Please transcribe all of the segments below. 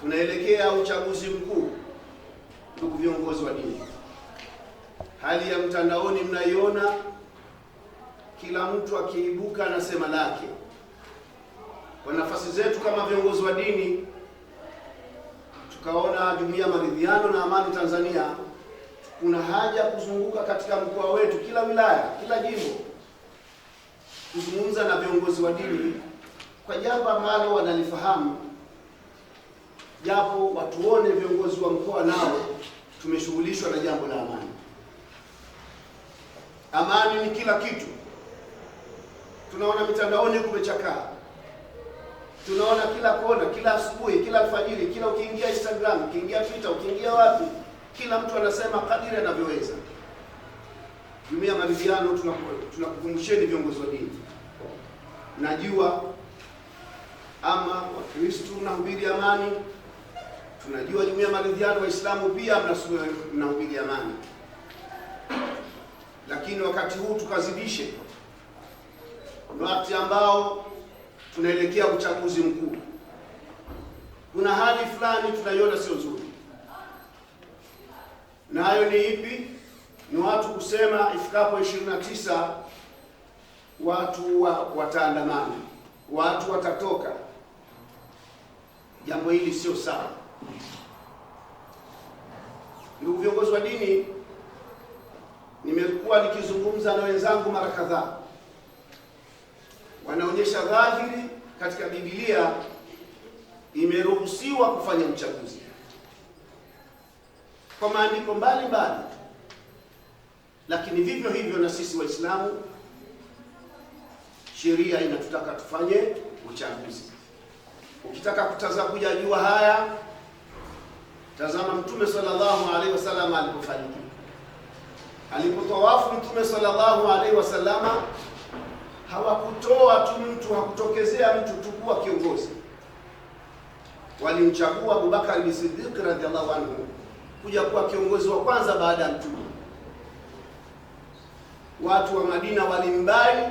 tunaelekea uchaguzi mkuu. Ndugu viongozi wa dini, hali ya mtandaoni mnaiona, kila mtu akiibuka na sema lake. Kwa nafasi zetu kama viongozi wa dini, tukaona jumuiya maridhiano na amani Tanzania, kuna haja kuzunguka katika mkoa wetu, kila wilaya, kila jimbo, kuzungumza na viongozi wa dini kwa jambo ambalo wanalifahamu japo watuone viongozi wa mkoa nao tumeshughulishwa na jambo la amani. Amani ni kila kitu. Tunaona mitandaoni kumechakaa, tunaona kila kona, kila asubuhi, kila alfajiri, kila ukiingia Instagram, ukiingia Twitter, ukiingia wapi, kila mtu anasema kadiri anavyoweza. Jumuiya ya Maridhiano, tunakukumbusheni viongozi wa dini, najua ama Wakristo nahubiri amani Tunajua jumuiya ya maridhiano, Waislamu pia mnahubiri amani, lakini wakati huu tukazidishe. Kuna wakati ambao tunaelekea uchaguzi mkuu, kuna hali fulani tunaiona sio nzuri, na hayo ni ipi? Ni watu kusema ifikapo ishirini na tisa watu wa, wataandamana, watu watatoka. Jambo hili sio sawa. Ndugu viongozi wa dini, nimekuwa nikizungumza na wenzangu mara kadhaa, wanaonyesha dhahiri katika Biblia imeruhusiwa kufanya uchaguzi kwa maandiko mbalimbali, lakini vivyo hivyo na sisi Waislamu sheria inatutaka tufanye uchaguzi. Ukitaka kutazama jua haya Tazama Mtume sallallahu alaihi wasallam alipofariki, alipotawafu Mtume sallallahu alaihi wasallama hawakutoa tu mtu, hakutokezea mtu tu kuwa kiongozi. Walimchagua Abubakar bin Siddiq radhiallahu anhu kuja kuwa kiongozi wa kwanza baada ya Mtume. Watu wa Madina walimbali,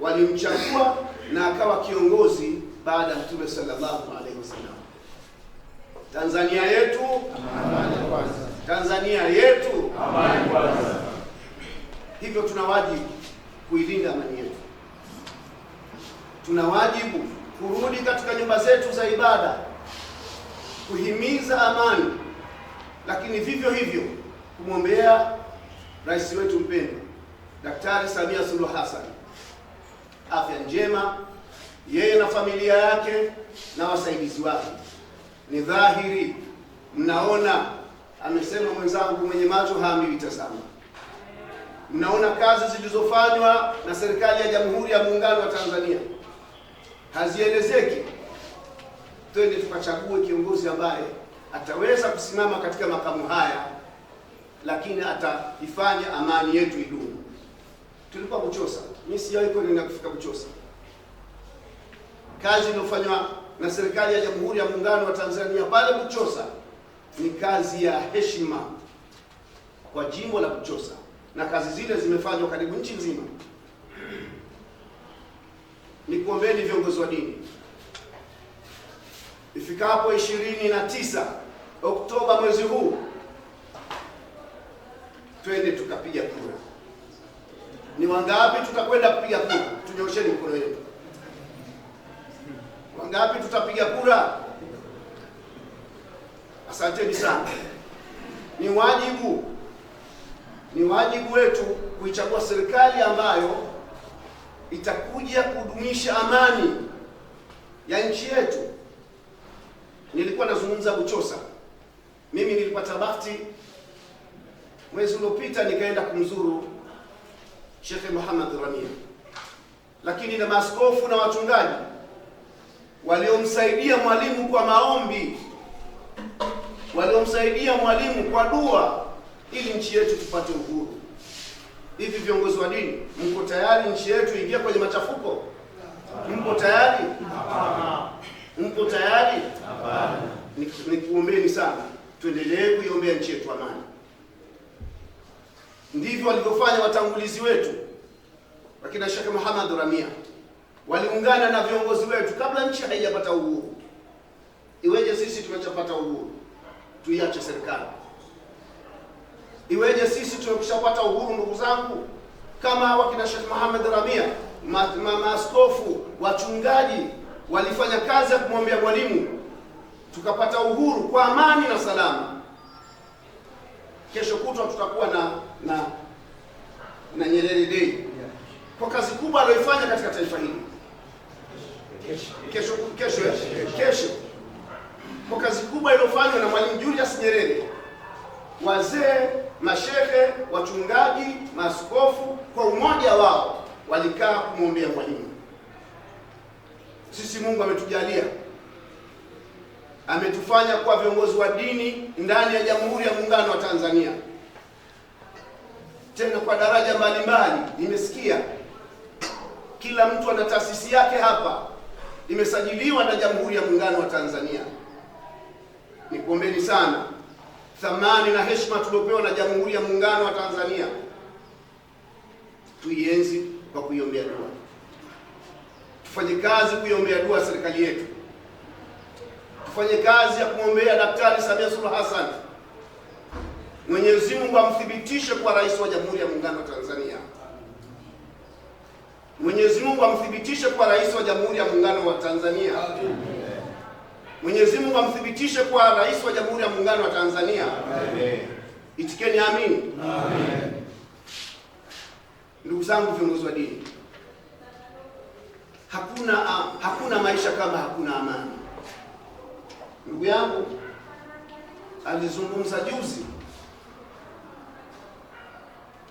walimchagua na akawa kiongozi baada ya Mtume sallallahu alaihi wasallam. Tanzania yetu amani kwanza. Tanzania yetu amani kwanza. Hivyo tuna wajibu kuilinda amani yetu, tuna wajibu kurudi katika nyumba zetu za ibada kuhimiza amani, lakini vivyo hivyo kumwombea rais wetu mpendwa Daktari Samia Suluhu Hassan afya njema, yeye na familia yake na wasaidizi wake ni dhahiri, mnaona. Amesema mwenzangu mwenye macho haambiwi tazama. Mnaona kazi zilizofanywa na serikali ya Jamhuri ya Muungano wa Tanzania hazielezeki. Twende tukachague kiongozi ambaye ataweza kusimama katika makamu haya, lakini ataifanya amani yetu idumu. Tulikuwa Buchosa, mimi sijawahi kwenda kufika Buchosa, kazi iliyofanywa na serikali ya Jamhuri ya Muungano wa Tanzania pale Buchosa ni kazi ya heshima kwa jimbo la Buchosa, na kazi zile zimefanywa karibu nchi nzima. Ni kuombeni viongozi wa dini, ifikapo ishirini na tisa Oktoba mwezi huu, twende tukapiga kura. Ni wangapi tutakwenda kupiga kura? Tunyosheni mkono wetu ngapi tutapiga kura? Asanteni sana. Ni wajibu, ni wajibu wetu kuichagua serikali ambayo itakuja kudumisha amani ya nchi yetu. Nilikuwa nazungumza Buchosa, mimi nilipata bahati mwezi uliopita nikaenda kumzuru Sheikh Muhammad Ramia, lakini na maaskofu na wachungaji waliomsaidia mwalimu kwa maombi, waliomsaidia mwalimu kwa dua, ili nchi yetu tupate uhuru. Hivi viongozi wa dini, mko tayari nchi yetu ingia kwenye machafuko? Mko tayari? Mko tayari? Nikuombeni sana, tuendelee kuiombea nchi yetu amani. Ndivyo walivyofanya watangulizi wetu wakina Sheikh Muhammad Ramia waliungana na viongozi wetu kabla nchi haijapata uhuru. Iweje sisi tumeshapata uhuru tuiache serikali? Iweje sisi tumekushapata uhuru? Ndugu zangu, kama wakina Sheikh Muhammad Ramia, maaskofu, wachungaji walifanya kazi ya kumwambia Mwalimu, tukapata uhuru kwa amani na salama. Kesho kutwa tutakuwa na na na Nyerere Day kwa kazi kubwa aliyoifanya katika taifa hili. iliyofanywa na Mwalimu Julius Nyerere, wazee, mashehe, wachungaji, maaskofu kwa umoja wao walikaa kumwombea Mwalimu. Sisi Mungu ametujalia, ametufanya kuwa viongozi wa dini ndani ya Jamhuri ya Muungano wa Tanzania, tena kwa daraja mbalimbali. Nimesikia kila mtu ana taasisi yake hapa, imesajiliwa na Jamhuri ya Muungano wa Tanzania nikuombeni sana thamani na heshima tuliopewa na Jamhuri ya Muungano wa Tanzania tuienzi kwa kuiombea dua, tufanye kazi kuiombea dua serikali yetu, tufanye kazi ya kumwombea Daktari Samia Suluhu Hassan. Mwenyezi Mungu amthibitishe kuwa rais wa Jamhuri ya Muungano wa Tanzania. Mwenyezi Mungu amthibitishe kuwa rais wa Jamhuri ya Muungano wa Tanzania. Amen. Mwenyezi Mungu amthibitishe kwa rais wa Jamhuri ya Muungano wa Tanzania. Amen. Itikeni amin. Amen. Ndugu zangu viongozi wa dini, hakuna ah, hakuna maisha kama hakuna amani. Ndugu yangu alizungumza juzi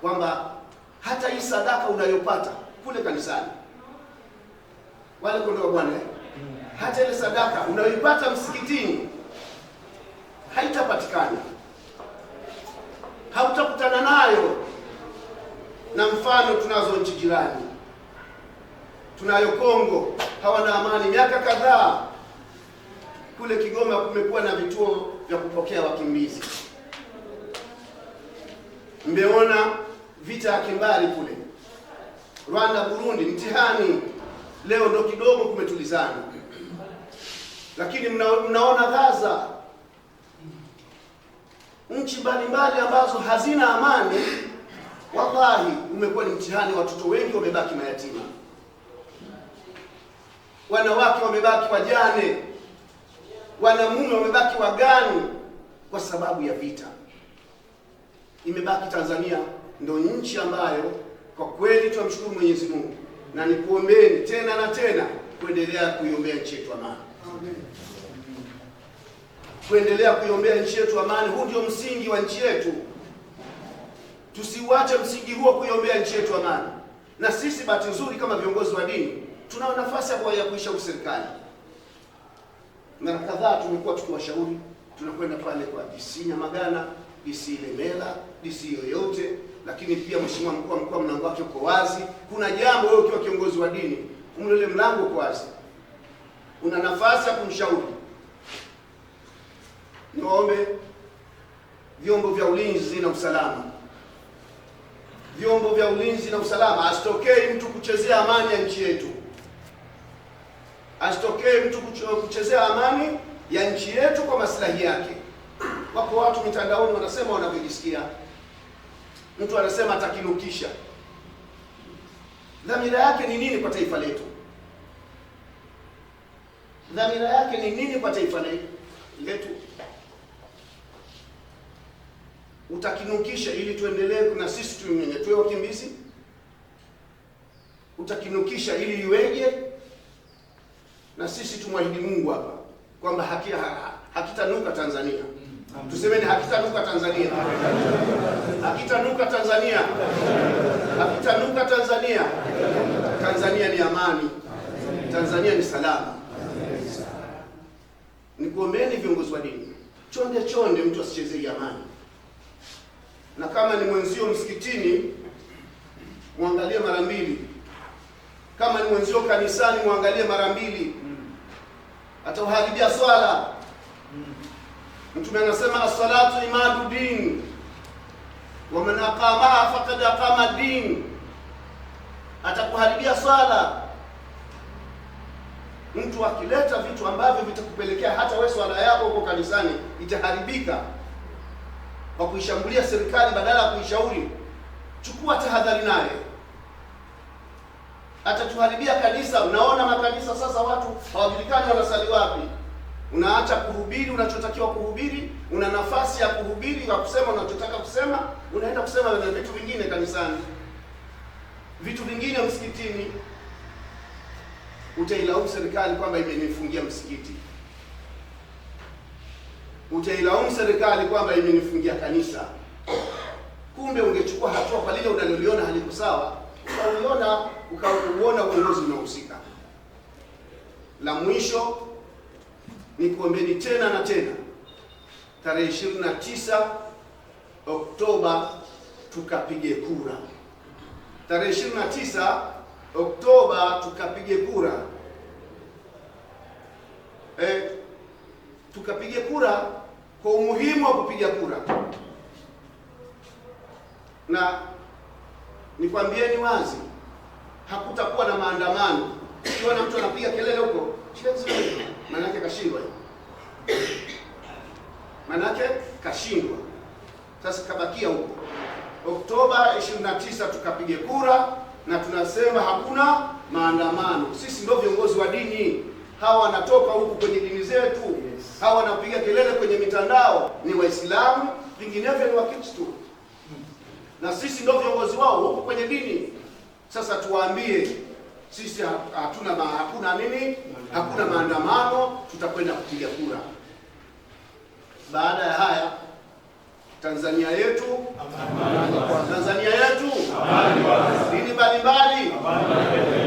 kwamba hata hii sadaka unayopata kule kanisani wale kondoo wa Bwana eh? hata ile sadaka unayoipata msikitini haitapatikana, hautakutana nayo. Na mfano tunazo nchi jirani, tunayo Kongo, hawana amani. Miaka kadhaa kule Kigoma kumekuwa na vituo vya kupokea wakimbizi. Mmeona vita ya kimbari kule Rwanda, Burundi, mtihani. Leo ndo kidogo kumetulizana lakini mna, mnaona Gaza, nchi mbalimbali ambazo hazina amani. Wallahi umekuwa ni mtihani, watoto wengi wamebaki mayatima, wanawake wamebaki wajane, wanamume wamebaki wagani, kwa sababu ya vita. Imebaki Tanzania ndio nchi ambayo kwa kweli tunamshukuru Mwenyezi Mungu, na nikuombeni tena na tena kuendelea kuiombea nchi yetu amani kuendelea kuiombea nchi yetu amani. Huu ndio msingi wa nchi yetu, tusiuache msingi huo kuiombea nchi yetu amani. Na sisi bahati nzuri kama viongozi wa dini tunao nafasi hapo ya kuishauri serikali. Mara kadhaa tumekuwa tukiwashauri, tunakwenda pale kwa DC Nyamagana, DC Ilemela, DC yoyote, lakini pia Mheshimiwa mkuu wa mkoa, mlango wake uko wazi. Kuna jambo wewe ukiwa kiongozi wa dini, umlele mlango uko wazi una nafasi ya kumshauri. Niombe vyombo vya ulinzi na usalama, vyombo vya ulinzi na usalama, asitokee mtu kuchezea amani ya nchi yetu, asitokee mtu kuchezea amani ya nchi yetu kwa maslahi yake. Wapo watu mitandaoni wanasema wanavyojisikia, mtu anasema atakinukisha. Dhamira yake ni nini kwa taifa letu? dhamira yake ni nini kwa taifa letu? Utakinukisha ili tuendelee na sisi tunyene tuwe wakimbizi? Utakinukisha ili iweje Na sisi tumwahidi Mungu hapa kwamba hakia hakitanuka Tanzania. Tusemeni hakitanuka Tanzania, hakitanuka Tanzania, hakitanuka Tanzania. Tanzania ni amani, Tanzania ni salama. Mgomeni viongozi wa dini, chonde chonde, mtu asichezee amani. Na kama ni mwenzio msikitini, muangalie mara mbili. Kama ni mwenzio kanisani, muangalie mara mbili, atauharibia swala. Mtume anasema as-salatu imadu din wa man aqama faqad aqama din, atakuharibia swala Mtu akileta vitu ambavyo vitakupelekea hata wewe swala yako huko kanisani itaharibika kwa kuishambulia serikali badala ya kuishauri. Chukua tahadhari naye, atatuharibia kanisa. Unaona makanisa sasa watu hawajulikani wanasali wapi. Unaacha kuhubiri unachotakiwa kuhubiri, una nafasi ya kuhubiri na kusema unachotaka kusema, unaenda kusema na vitu vingine kanisani, vitu vingine msikitini utailaumu serikali kwamba imenifungia msikiti, utailaumu serikali kwamba imenifungia kanisa. Kumbe ungechukua hatua kwa lile unaloliona haliko sawa, ukauliona ukauona uongozi unahusika La mwisho ni kuombeni tena na tena, tarehe 29 Oktoba tukapige kura, tarehe 29 Oktoba tukapige kura eh, tukapige kura kwa umuhimu wa kupiga kura, na nikwambieni wazi, hakutakuwa na maandamano. na mtu anapiga kelele huko, maana yake kashindwa, maana yake kashindwa. Sasa kabakia huko Oktoba 29 tukapige kura na tunasema hakuna maandamano. Sisi ndio viongozi wa dini. Hawa wanatoka huku kwenye dini zetu yes. Hawa wanapiga kelele kwenye mitandao ni Waislamu, vinginevyo ni Wakristo na sisi ndio viongozi wao huku kwenye dini. Sasa tuwaambie sisi hatuna hakuna nini, hakuna maandamano, tutakwenda kupiga kura. Baada ya haya Tanzania yetu amani. Tanzania yetu amani. Dini mbalimbali